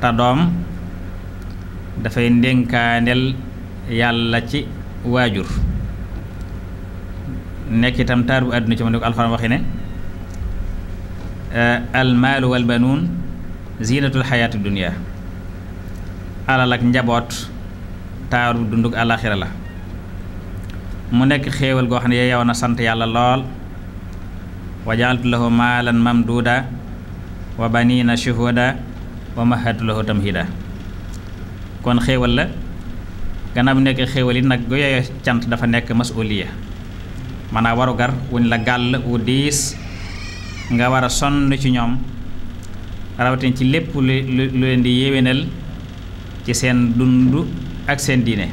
ta doom dafay ndénkaaneel yàlla ci waajur nekk taar bu àdduna ci ma ne ko alxuraan waxi ne almaalu walbanuun ziinatul xayaati dunia alal ak njaboot taaru dunduk àllaaxira la mu nekk xéewal goo xam ne yow na sant yàlla lool wa jaaltu lahu maalan mamduuda wa baniina shuhuda wa mahadtu lahu tamhida kon xéewal la gannaaw nekk xéewal yi nag gu yeyoo cant dafa nekk masuliya maanaam warugar wuñ la gàll wu diis nga war sonn ci ñoom rawatin ci lépp lu leen di yéwénal ci seen dund ak seen diine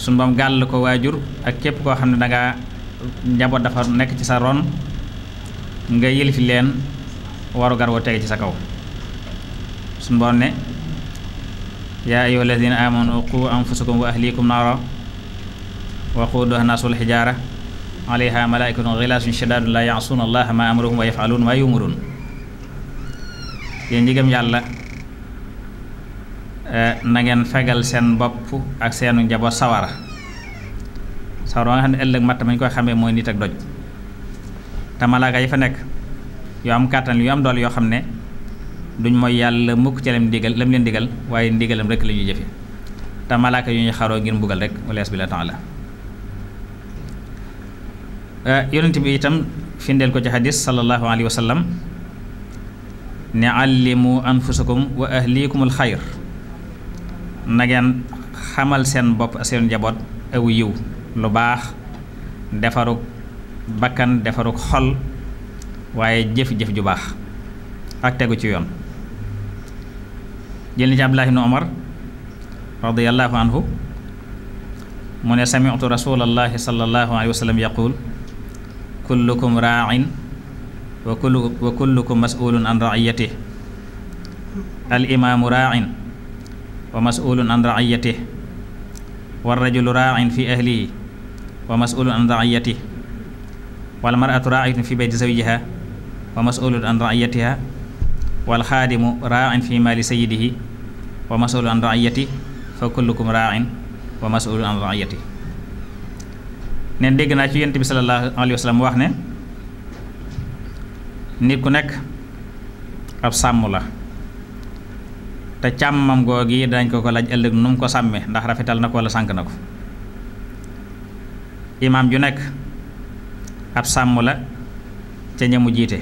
suñu bam gàll ko waajur ak képp koo xam ne danga njaboot dafa nekk ci sa ron nga yëlfi leen waru gar woo tege ci sa kaw suñu bam ne yaa ayyuha alladina amanu qu anfusakum wa ahlikum naara waquduha naasu wal xijaara alayha malaikatun ghilaasun shidaadun laa ya'suuna allaha ma amarahum wa yaf'aluuna ma yu'maruun yéen ñi yàlla Eh, nangeen ngeen fegal seen bopp ak seenu njaboot sawara sawara ba nga xam ne ëllëg matt mañ koy xamee mooy nit ak doj te yi fa nekk yoo am kàttan yu am doole yoo xam ne duñ mooy yàlla mukk ca lam digal lam leen digal waaye ndigalam rek la ñuy jëfe te malaaka yu ñuy xaroo ngir mbugal rek walees bi la temps la bi itam findeel ko ci xadis sallallahu alayhi wa sallam ne allimu anfusakum wa ahlikumul xayr na ngeen xamal seen bopp seen njaboot aw yiw lu baax defarug bakkan defarug xol waaye jëf-jëf ju baax ak tegu ci yoon jël ni ci Abdullah ibn Umar radiyallahu anhu mu ne sami'tu rasulallahi sallallahu alayhi wa sallam yaqul kullukum raa'in wa kullukum mas'ulun an ra'iyatihi al imaamu raa'in wa masulun an raiyatih wa rajulu raain fi ahlihi wa masulun an raiyatih wal maratu raaiatun fi bayti zawjiha wa masulun an raiyatiha wal xaadimu raain fi maali sayyidihi wa masulun an raiyatih fa kullukum raain wa masulun an raiyatih neen dégg naa ci yonent bi sallallahu wax ne nit ku nekk ab sàmm la te càmmam googi dañ ko ko laaj ëllëg nu mu ko sàmmee ndax rafetal na ko wala sànk na ko imaam ju nekk ab sàmm la ca ñamu jiite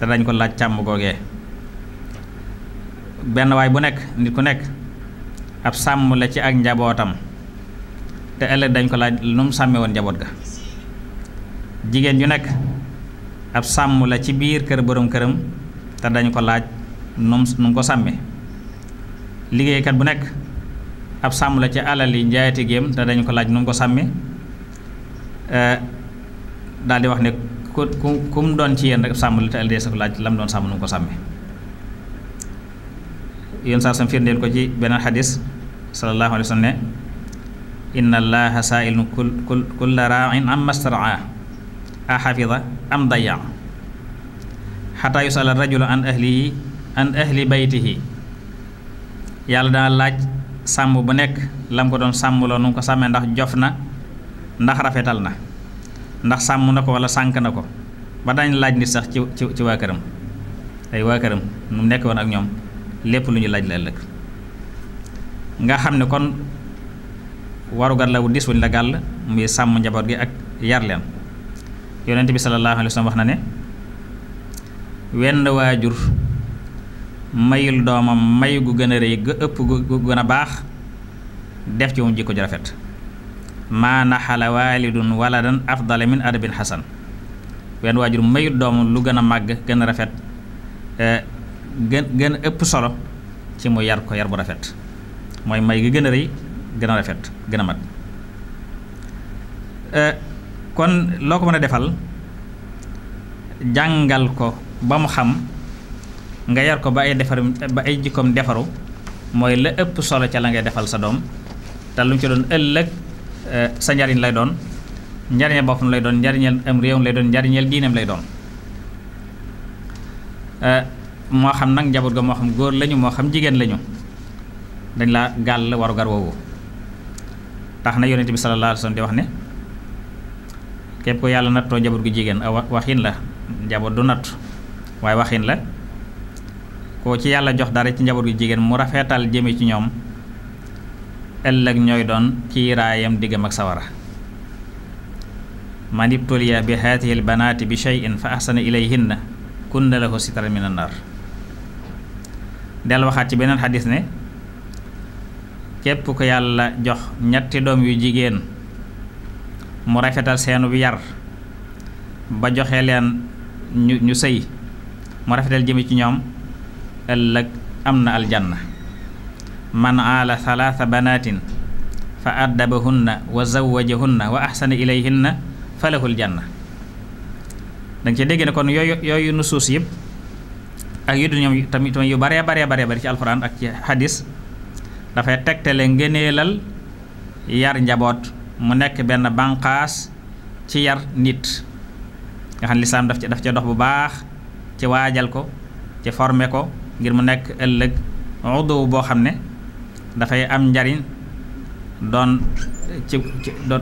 dañ ko laaj càmm googee benn waay bu nekk nit ku nekk ab sàmm la ci ak njabootam te ëllëg dañ ko laaj nu mu sàmmee njaboot ga jigéen ju nekk ab sàmm la ci biir kër boroom këram te dañ ko laaj nu mu nu ko sàmmee liggéeykat bu nekk ab sàmm la ci alal yi njaayati géem te dañu ko laaj nu mu ko sàmmee eh, daal di wax ne ku ku mu doon ci yéen rek sàmm la te alal sa ko laaj la mu doon sàmm nu mu ko sàmmee yéen saa sam firndeel ko ci beneen xadis sallallahu alayhi wa sallam ne inna allaha saailun kul kulla raain am mastaraa a xafida am dayaa xataa yusala rajulu an ahlihi an ahli baytihi yàlla dana laaj sàmm bu nekk lam ko doon sàmmloo nu mu ko sàmmee ndax jof na ndax rafetal na ndax sàmm na ko wala sànk na ko ba dañ laaj nit sax ci ci ci waa këram ay waa këram nu nekk woon ak ñoom lépp lu ñuy laaj la ëllëg nga xam ne kon warugar la wu dis wuñ la gàll muy sàmm njaboot gi ak yar leen yonent bi sallallahu alayhi wa wax na ne wenn waajur mayul doomam may gu gën a rëy gu ëpp gu gën a baax def ci moom jikko ju rafet maa naxala waalidun waladan afdala min adabin xasan wenn waajur mayul doomam lu gën a màgg gën rafet eh, gën ëpp solo ci mu yar ko yar bu rafet mooy may gi gën a rëy gën rafet gën a mat eh, kon loo ko mën defal jàngal ko ba mu xam nga yar ko ba ay defar ba ay jikkoom defaru mooy la ëpp solo ca la ngay defal sa doom te lu ci doon ëllëg eh, sa njariñ lay doon njariñal boppam lay doon njariñal am réewam lay doon njariñal diinam lay doon eh, moo xam nag njaboot ga moo xam góor lañu moo xam jigéen lañu dañ laa gàll warugar woowu tax na yonent bi sallallahu alayhi wasallam di wax ne képp ko yàlla nattoo njaboot gu jigéen aw waxin la njaboot du natt waaye waxin la koo ci yàlla jox dara ci njaboot gu jigéen mu rafetal jëme ci ñoom ëllëg ñooy doon kiiraayam diggam ak sawara man ibtuliya bi haatihi l banaati bi cheyin fa ahsana ilayhinna kunna lahu sitran min an nar del waxaat ci beneen xadis ne képp ko yàlla jox ñetti doom yu jigéen mu rafetal seenu bi yar ba joxe leen ñu ñu sëy mu rafetal jëme ci ñoom ëllëg am na aljanna man aala salaasa banaatin fa addabahunna wa zawwajahunna wa ahsana ilayhinna falahul janna danga ci dégg ne kon yooyu yooyu nusuus yëpp ak yu du ñoom tamit yu baree baree baree bari ci alxuraan ak ci hadis dafay tegtale ngëneelal yar njaboot mu nekk benn bànqaas ci yar nit nga xam ne lislaam daf ci daf ci dox bu baax ci waajal ko ci former ko ngir mu nekk ëllëg uddu boo xam ne dafay am njariñ doon ci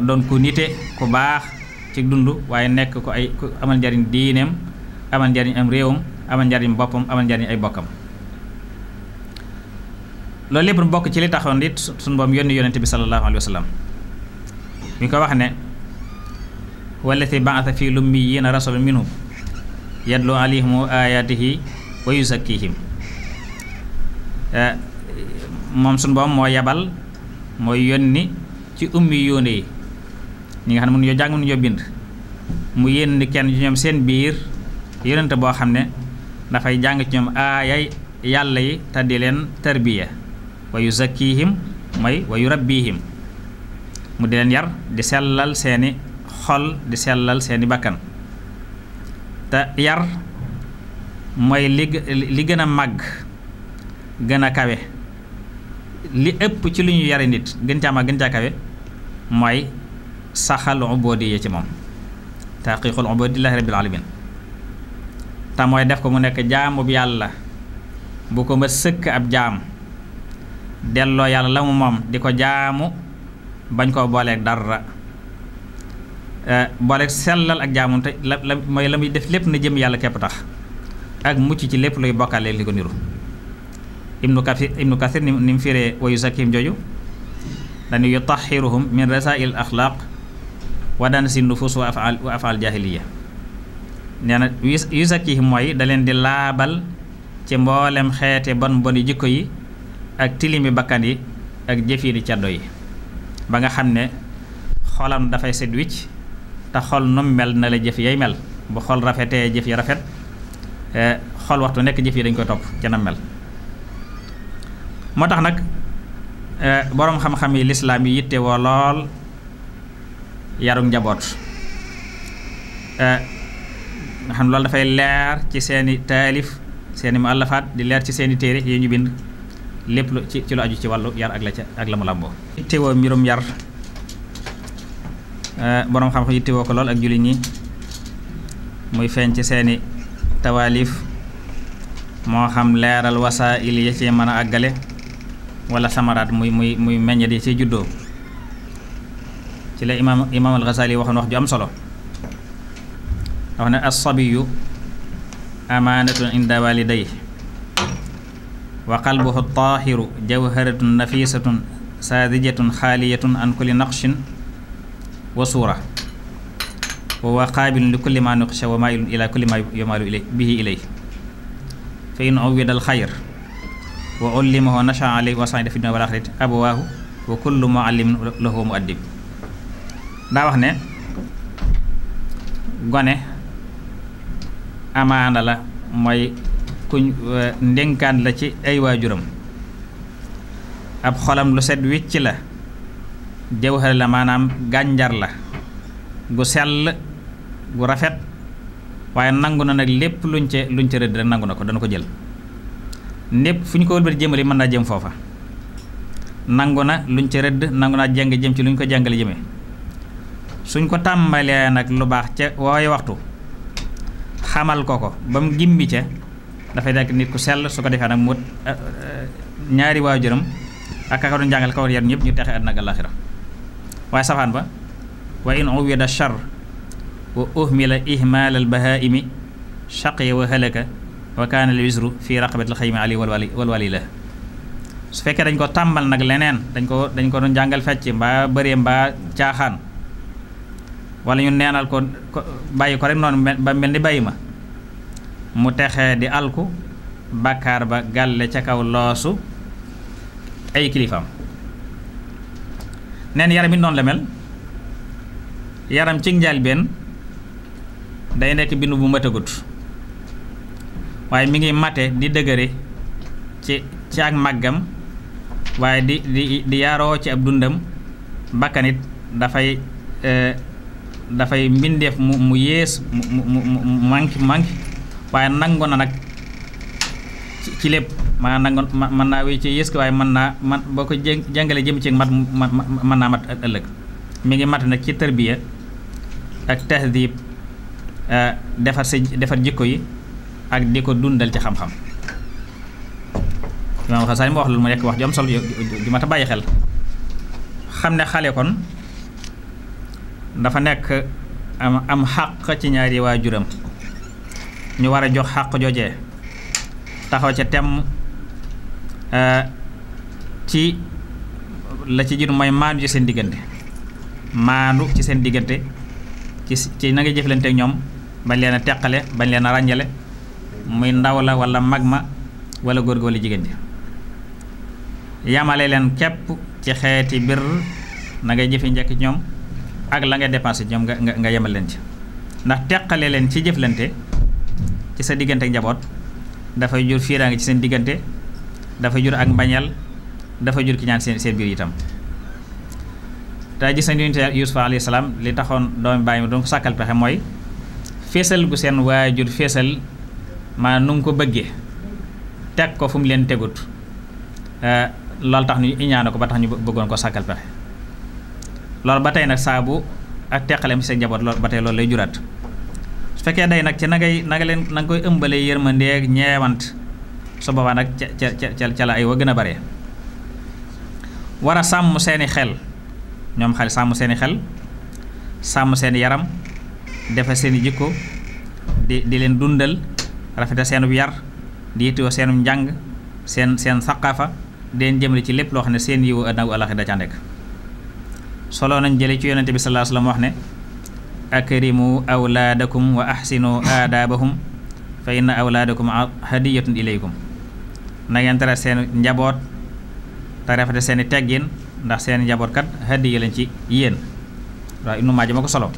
doon ku nite ku baax ci dund waaye nekk ko ay ku amal njariñ diineem amal njariñ am réewam amal njariñ boppam amal njariñ ay bokkam loolu lépp nu bokk ci li taxoon it suñu boom yónni yonente bi sallallahu alayhi wa sallam ko wax ne wallati ba'atha fi lummiyyiina rasulan minhum yatlu alayhim ayaatihi wa yuzakkihim Eh, moom suñu boom moo yabal mooy yónni ci ummi yóone yi nga xam ne mënuñoo jàng mënuñoo bind mu yéen kenn ci ñoom seen biir yonente boo xam ne dafay jàng ci ñoom aayay yàlla yi te di leen tarbiya wa yu zakkihim mooy wa mu di leen yar di sellal seeni xol di sellal seeni bakkan te yar mooy li gën a màgg gën a kawe li ëpp ci lu ñu yare nit gën caa ma gën caa kawe mooy saxal ubudiyya ci moom taqiqul ubudillahi rabbil alamin te mooy def ko mu nekk bu yàlla bu ko ma sëkk ab jaam delloo yàlla la mu moom di ko jaamu bañ koo booleeg dara eh, booleeg sellal ak jaamu te la la mooy la muy def lépp na jëm yàlla kepp tax ak mucc ci lépp luy bokkale li ko niru ibnu kathir ibnu kathir ni mu firee wa yuzakkihim jooju dañu yutahiruhum min rasail axlaaq wa daan si nufus wa afal wa afal jahiliya nee na yuzakkihim mooy daleen di laabal ci mboolem xeete bon boni jikko yi ak tilimi bakkan yi ak jëfiini caddo yi ba nga xam ne xolam dafay set wicc te xol nu mel na la jëf yay mel bu xol rafetee jëf yi rafet eh, xol waxtu nekk jëf yi dañ koy topp ca mel moo tax nag eh, boroom xam-xam yi lislaam yi yitte woo lool yaru njaboot eh, nga xam loolu dafay leer ci seeni taalif seeni muallafaat di leer ci seeni téere yi ñu bind lépp lu ci ci lu aju ci wàllu yar ak la ca ak la mu làmboo yitte woo mbirum yar eh, boroom xam-xam yitte woo ko lool ak jullit ñi muy feeñ ci seeni tawaalif moo xam leeral wasaa'il yi ci mën a àggale wala samaraat muy muy meññet yi ci juddoo ci la imaam imaam al-Ghazali waxoon wax ju am solo wax ne as-sabiyyu amaanatun inda waliday wa qalbuhu at-taahiru jawharatun nafisatun saadijatun xaaliyatun an kulli naqshin wa suura wa huwa qaabilun li kulli ma nuqisha wa maa'ilun ila kulli ma yumaalu ilay bihi ilay fa in uwida al-xayr wa ullimahu nasha alayhi wa sa'ida fi dunya wal akhirati abawaahu wa kullu muallimin lahu muaddib daa wax ne gone amaana la mooy kuñ eh, ndénkaan la ci ay waajuram ab xolam lu set wicc la jawhar la maanaam gànjar la gu sell gu rafet waaye nangu na nag lépp luñ ca luñ ca rëdd rek nangu na ko dana ko jël lépp fu ñu ko wëlbati jëmale mën naa jëm foofa nangu na luñ ca rëdd nangu naa jàng jëm ci luñ ko jàngale jëme suñ ko tàmbalee nag lu baax ca waaye waxtu xamal ko ko ba mu gimmi ca dafay nekk nit ku sell su ko defee nag mu eh, eh, ñaari waajuram ak kaka doon jàngal yar ñëpp ñu texe àddina ak àllaaxira waaye safaan ba wa in uwida char wa uhmila ihmaal al bahaimi chaqiya wa halaka wa kaana fii raqabatil xaymi ali walwali walwali la su fekkee dañ ko tàmbal nag leneen dañ ko dañ ko doon jàngal fecc mbaa bëree mbaa caaxaan walla ñu neenal ko bàyyi ko rek noonu ba mel ni bàyyi ma mu texe di alku bàkkaar ba gàlle ca kaw loosu ay kilifaam neen yaram it noonu la mel yaram ci njëlbeen day nekk bindu bu matagut waaye mi ngi mate di dëgëre ci ci ak màggam waaye di di di yaaroo ci ab dundam bakkanit dafay euh, dafay mbindeef mu mu yées mu mu mu manki manki waaye nangu na nag ci lépp maa nangu mën naa wéy ci yées ko waaye mën naa man boo ko jé jàngalee jëm ci mat mën naa mat ëllëg mi ngi mat nag ci tërbiya ak tahdib euh, defar si defar jikko yi ak di ko dundal ci xam-xam imaam Xasaali ma wax loolu mu nekk wax ju am solo ju mat a bàyyi xel xam ne xale kon dafa nekk am am xàq ci ñaari waajuram ñu war a jox xàq joojee taxaw ca tem euh, ci la ci jiitu mooy maandu ci seen diggante maandu ci seen diggante ci ci na nga jëflanteek ñoom bañ leen a teqale bañ leen a ràññale muy ndaw la wala mag ma wala góor gi wala jigéen ji yamale leen képp ci xeeti bir na ngay jëfe njëkk ñoom ak la ngay dépensé ñoom nga nga nga yemal leen ci ndax teqale leen ci jëflante ci sa diggante ak njaboot dafay jur fiiraange ci seen diggante dafay jur ak mbañeel dafay jur ki ñaan seen seen biir itam te gis nañ yonent Yuusufa alayhi salaam li taxoon doomi bàyyi mi doon ko sàkkal pexe mooy feesal gu seen waajur feesal maanaam nu nga ko bëggee teg ko fu mu leen tegut eh, loolu tax ñu iñaane ko ba tax ñu bëggoon ko sàkkal pexe loolu ba tey nag saabu ak teqaleem seen njaboot loolu ba tey loolu lay juraat su fekkee day nag ci na ngay leen na koy ëmbalee yërmandeeg ñeewant su boobaa nag ca ca ca la ay wa gën a bare war a sàmm seeni xel ñoom xale sàmm seeni xel sàmm seeni yaram defe seeni jikko di di leen dundal rafetal seenub yar di yittewoo seenub njàng seen seen saqaafa deen jëmale ci lépp loo xam ne seen yiwu adnawu alaxi da ca nekk solo nañ jële ci yonente bi sallallahu alayhi wasallam wax ne akrimu awlaadakum wa ahsinu aadaabahum fa inna awlaadakum hadiyatun ilaykum na ngeen tere seen njaboot te rafete seen i ndax seen njaboot kat ci yéen waaw Ibnu Maaja ma ko solo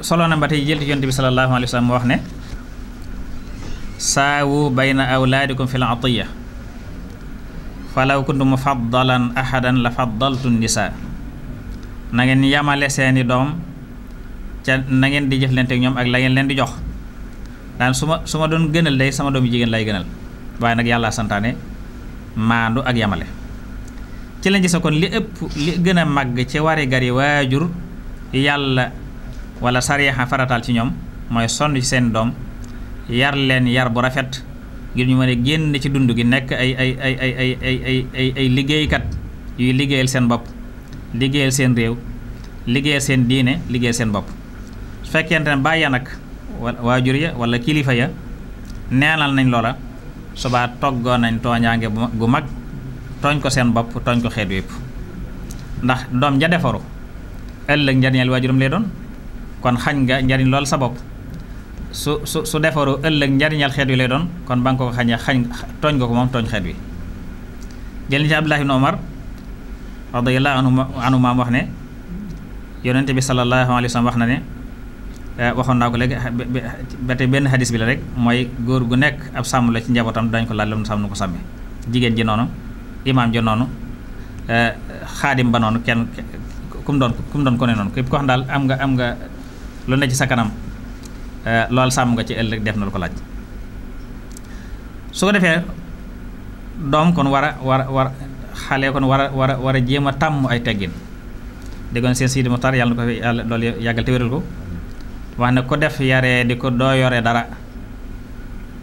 solo na ba tey jël ci yonent bi sallallahu alayhi wa sallam wax ne saawu bayna awlaadikum fil atiya falaw kuntum faddalan ahadan la faddaltu nisa na ngeen yamale seeni doom ca nangeen ngeen di jëflante ak ñoom ak la ngeen leen di jox daan su ma su ma doon gënal day sama doom jigéen lay gënal waaye nag yàlla santaane maandu ak yamale ci lañ gis kon li ëpp li gën a ci wari gari waajur yàlla wala sariyaxa farataal ci ñoom mooy sonn ci seen doom yar leen yar bu rafet ngir ñu ma a génn ci dund gi nekk ay ay ay ay ay liggéeykat yuy liggéeyal seen bopp liggéeyal seen réew liggéeyal seen diine liggéeyal seen bopp su fekkente ne bàyya nag waajur ya wala kilifa ya neenal nañ loola subaa toggoon nañ tooñaange gu mag tooñ ko seen bopp tooñ ko xeet yépp ndax doom ja defaru ëllëg njariñal waajuram lee doon kon xañ nga njariñ lool sa bopp su su su defaroo ëllëg njariñal xeet wi lay doon kon ba nga ko xañee xañ tooñ nga ko moom tooñ xeet wi jël ci Abdullah ibn Umar wax ne bi sallallahu alayhi wa wax na ne eh, waxoon naa ko léegi eh, benn xadis bi la rek mooy góor gu nekk ab sàmm la ci njabootam dañ ko laaj lam nu ko sàmmee jigéen ji noonu imaam eh, ba noonu kenn ku mu ko daal am nga am nga lu ne ci sa kanam eh, loolu sàmm nga ci ëllëg def na lu ko laaj su ko defee doom kon war a war a war xale kon war a war a war a jéem a tàmm ay teggin déggoon seen Sidi Muxtaar yàlla na ko fi yàlla loolu yàggal te wéral ko wax ne ko def yaree di ko doo yore dara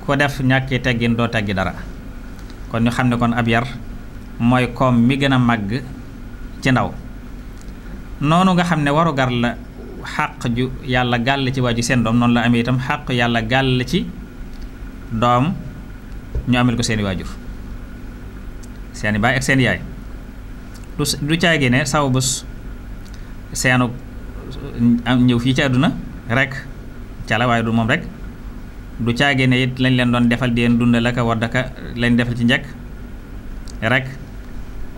ko def ñàkki teggin doo teggi dara kon ñu xam ne kon ab yar mooy koom mi gën a màgg ci ndaw noonu nga xam ne warugar la xàq ju yàlla gàll ci waaju seen doom noonu la amee itam xàq yàlla gàll ci doom ñu amel ko seeni waajur seeni baay ak seen yaay du caagi ne saw bés seenu am ñëw fii ci àdduna rek ca la waaye du moom rek du caagi ne it lañ leen doon defal di leen dundal ak a war lañ defal ci njëkk rekk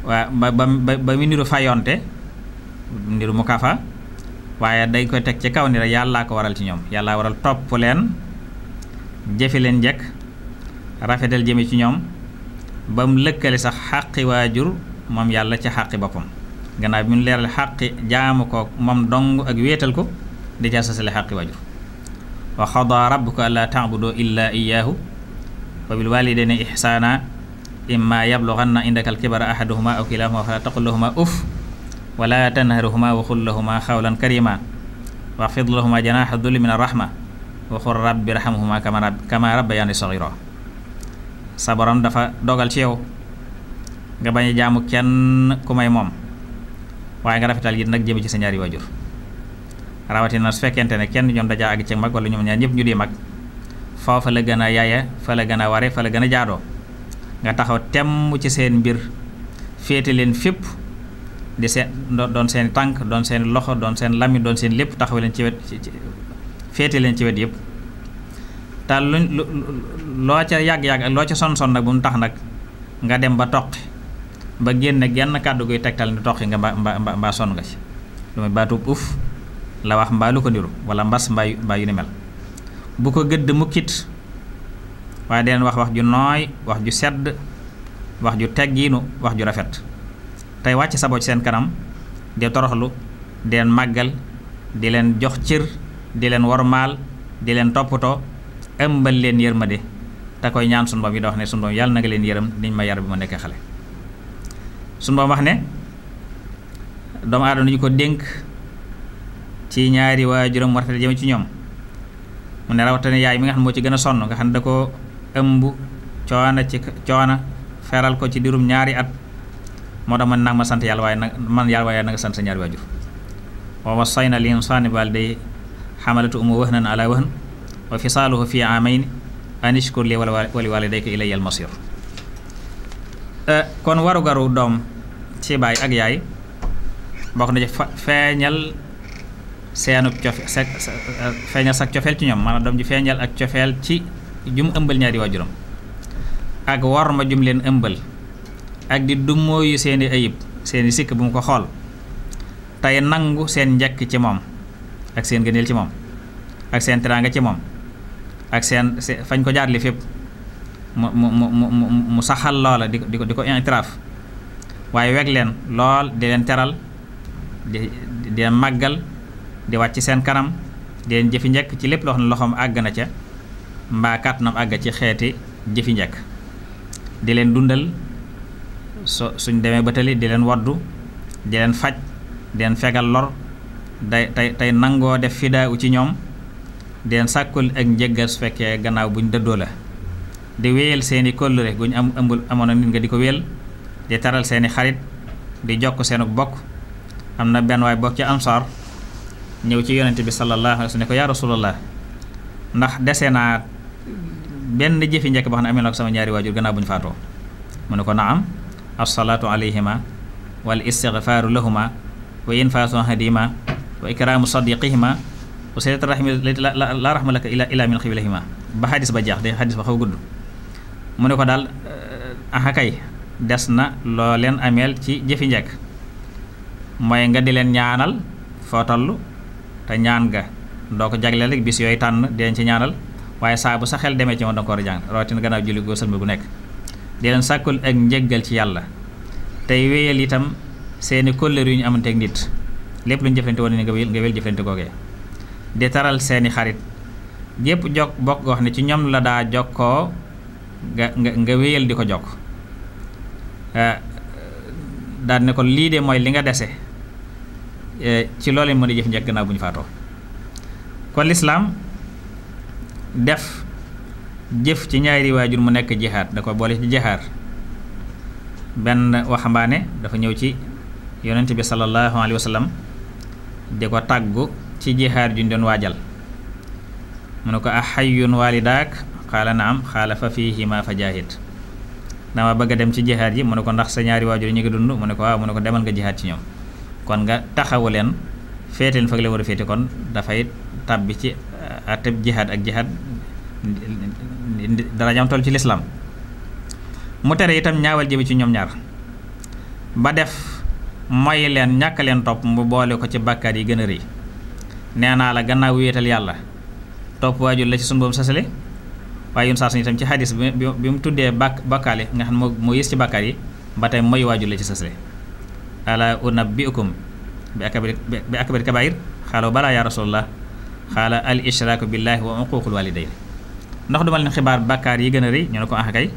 waa ba ba ba mu niru fayonte niru mukaafa waaye day ko teg ci kaw ni rek yàllaa ko waral ci ñoom yàllaa waral topp leen jëfe leen njëkk rafetal jëme ci ñoom ba mu lëkkale sax xàqi waajur moom yàlla ci xàqi boppam gannaaw bi mu leeral xàqi jaamu ko moom dong ak wéetal ko di ca sasale xàqi waajur wa xadaa rabbuka allaa taabudu illaa iyaahu wa bil walidayni ihsaana imma yablughanna indaka al kibara ahaduhuma aw kilahuma fala taqul lahuma uff wala tanharhuma waxul lahuma xawlan karima waxfid lahuma janaxa dulli min arrahma waxul rabbi rahamhuma kama kama rabbayani saghira sa borom dafa dogal ci nga bañ a jaamu kenn ku may moom waaye nga rafetal yi nag jëm ci sa ñaari waajur rawatina su fekkente ne kenn ñoom dajaa àgg ci mag wala ñoom ñaar ñëpp ñu di mag foofa la gën a yaaya fa la gën a ware fa la gën a jaadoo nga taxaw temm ci seen mbir féete leen fépp di seen doon seen tànk doon seen loxo doon seen lami doon seen lépp taxaw leen ci wet féete leen ci wet yëpp te luñ loo ca yàgg-yàgg loo ca son-son nag bu mu tax nag nga dem ba toqi ba génn genn kàddu guy tegtal ni toqi nga mbaa mbaa son nga ci lu muy baatub uf la wax mbaa lu ko niru wala mbas mbaa yu mbaa yu ni mel bu ko gëdd mukkit waaye deen wax wax ju nooy wax ju sedd wax ju teggiinu wax ju rafet tey wàcc saboo ci seen kanam di toroxlu di leen màggal di leen jox cër di leen wormaal di leen toppatoo ëmbal leen yërmande te koy ñaan sunu boom yi da wax ne sunu boom na nga leen yërëm niñ ma yar bi ma nekk xale sunu boom wax ne doomu aadama ñu ko dénk ci ñaari waajuram warta jëm ci ñoom mu ne rawatina yaay mi nga xam moo ci gën a sonn nga xam ne da ko ëmb coona ci coona feral ko ci dirum ñaari at moo tax man nag ma sant yàlla waaye nag man yàlla waaye nag sant sa ñaari waajur wa wasayna li insaani walidayhi xamalatu umu wahnan ala wahn wa fisaaluhu fi aamayn an ishkur li wala wali walidayka ilayya al masir kon warugaru doom ci baay ak yaay bokk na ci feeñal seenub cofe feeñal sak cofeel ci ñoom maanaam doom ji feeñal ak cofeel ci jum ëmbal ñaari waajuram ak war ma jum leen ëmbal ak di dummóoyu seeni ayib seeni sikk bu mu ko xool tey nangu seen njëkk ci moom ak seen gëneel ci moom ak seen teraanga ci moom ak seen fañ ko jaarli fépp mu mu mu mu mu saxal loola di ko di ko itiraaf waaye weg leen lool di leen teral di di leen màggal di wàcc seen kanam di leen jëfi njëkk ci lépp loo ne loxoom àgg na ca mbaa kàttanam àgg ci xeeti jëfi njëkk di leen dundal so suñ demee ba tali di leen waddu di leen faj di leen fegal lor day tey tey nangoo def fidaa u ci ñoom den leen sàkkul ak njëggal su fekkee gannaaw buñ dëddoo la di wéyal seeni kóllëre guñ am ëmbul amoon nit nga di ko wéyal di taral seeni xarit di jokk seenu bokk am na benn waay bokk ci ansaar ñëw ci yonente bi sallallahu alayhi wa sallam ne ko yaa rasulallah ndax dese naa benn jëfi njëkk ba xam amee na ko sama ñaari waajur gannaaw bu ñu faatoo mu ne ko naam alsalaatu alayhima wal istigfaaru lahuma wa infaasu hadima wa ikraamu sadiqihima wa silat rahmi la rahmalaka ila ila min xiblahima ba xadis ba jeex de xadis ba xaw gudd mu ne ko daal eh, axakay des na loo leen ameel ci jëfi njekk mooy nga di leen ñaanal foo toll te ñaan ga doo ko jagleel rek bis yooyu tànn deen ci ñaanal waaye saa bu sa xel demee ci moom danga a jàng rawatina gannaaw julli goo sëlmi gu nekk di leen sàkkul ak njëggal ci yàlla tey wéyal itam seeni kóllëre yu ñu amante ak nit lépp lu ñu jëfante woon ne nga wéyal nga wéyal jëfante googee di taral seeni xarit gépp jokk bokk wax ne ci ñoom la daa jokkoo nga nga nga wéyal di ko jokk euh, daal ne ko lii de mooy li nga dese euh, ci loolu mën a jëf njëkk gannaaw bu ñu faatoo kon lislaam def jëf ci ñaari waajur mu nekk jihaad da ko boole ci jihaar benn waxambaane dafa ñëw ci yonent bi sallallahu alayhi wa di ko tàggu ci jihaar juñ doon waajal mu ne ko a ah, xayyun waalidaak na am xaala fa fiihima fa jaahid dama bëgg a dem ci jihaar ji mu ne ko ndax sa ñaari waajur ñu ngi dund mu ne ko waaw mu ne ko demal nga jihaad ci ñoom kon nga taxawu leen féete leen fa la war féete kon dafay tàbbi ci uh, ateb jihaad ak jihaad darajaam toll ci lislaam mu tere itam ñaawal jëme ci ñoom ñaar ba def moy leen ñàkk leen topp mu boole ko ci bàkkaar yi gën a rëy nee naa la gannaaw wéetal yàlla topp waajur la ci sunu boom sasale waaye yun saa suñu itam ci xadis bi mu tuddee bàkk bàkkaale nga xam ne moo moo ci bàkkaar yi ba tey moy waajur la ci sasale ala unabbiukum bi akbar bi akbar kabair xaaloo balaa yaa rasulullah xaala al ishraaku billahi wa uquuqul ndax duma leen xibaar bàkkaar yi gën a rëy ñu ne ko ah kay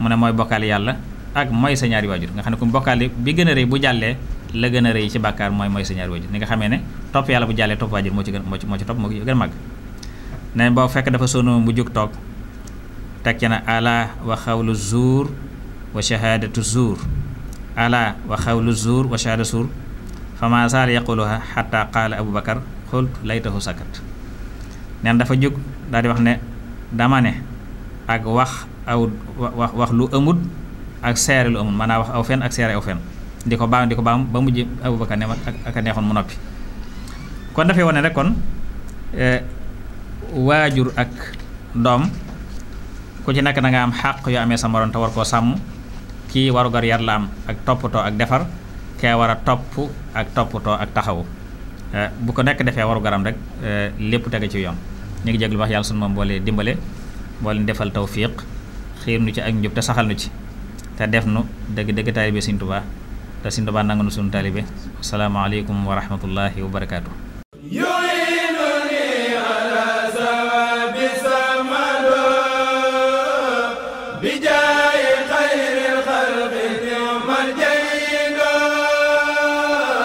mu ne mooy bokkaale yàlla ak mooy sa ñaari waajur nga xam ne ku bokkaale bi gën a rëy bu jàllee la gën a rëy ci bàkkaar mooy mooy sa ñaari waajur ni nga xamee ne topp yàlla bu jàllee topp waajur moo ci gën moo moo ci topp moo ci gën a màgg ne boo fekk dafa sonn bu jóg toog teg na ala wa xawlu zuur wa shahadatu zuur wa xawlu zuur wa shahadatu zuur fama saal yaquluha xata qaala abou bakar sakat neen dafa dama ne ak wax aw wax wax lu amut ak seere lu amut maanaam wax aw fen ak seere aw fen di ko baam di ko baam ba mujj Abubakar ne ma ak a neexoon mu noppi kon dafay wone rek kon eh, waajur ak doom ku ci nekk danga am xàq yoo amee sa moroom te war koo sàmm kii warugar yar la am ak toppatoo ak defar kee war a topp ak toppatoo ak taxawu eh, bu ko nekk defee warugaram rek eh, lépp tege ci yoon ñu ngi jéglu wax yàlla sunu moom boole dimbale boole defal tawfiq xiir nu ci ak njub te saxal nu ci te def nu dëgg dëgg taalibe Sëriñ Tuubaa te Sëriñ Tuubaa nangu nu sunu taalibe asalaamaaleykum wa rahmatullahi wa barakaatu.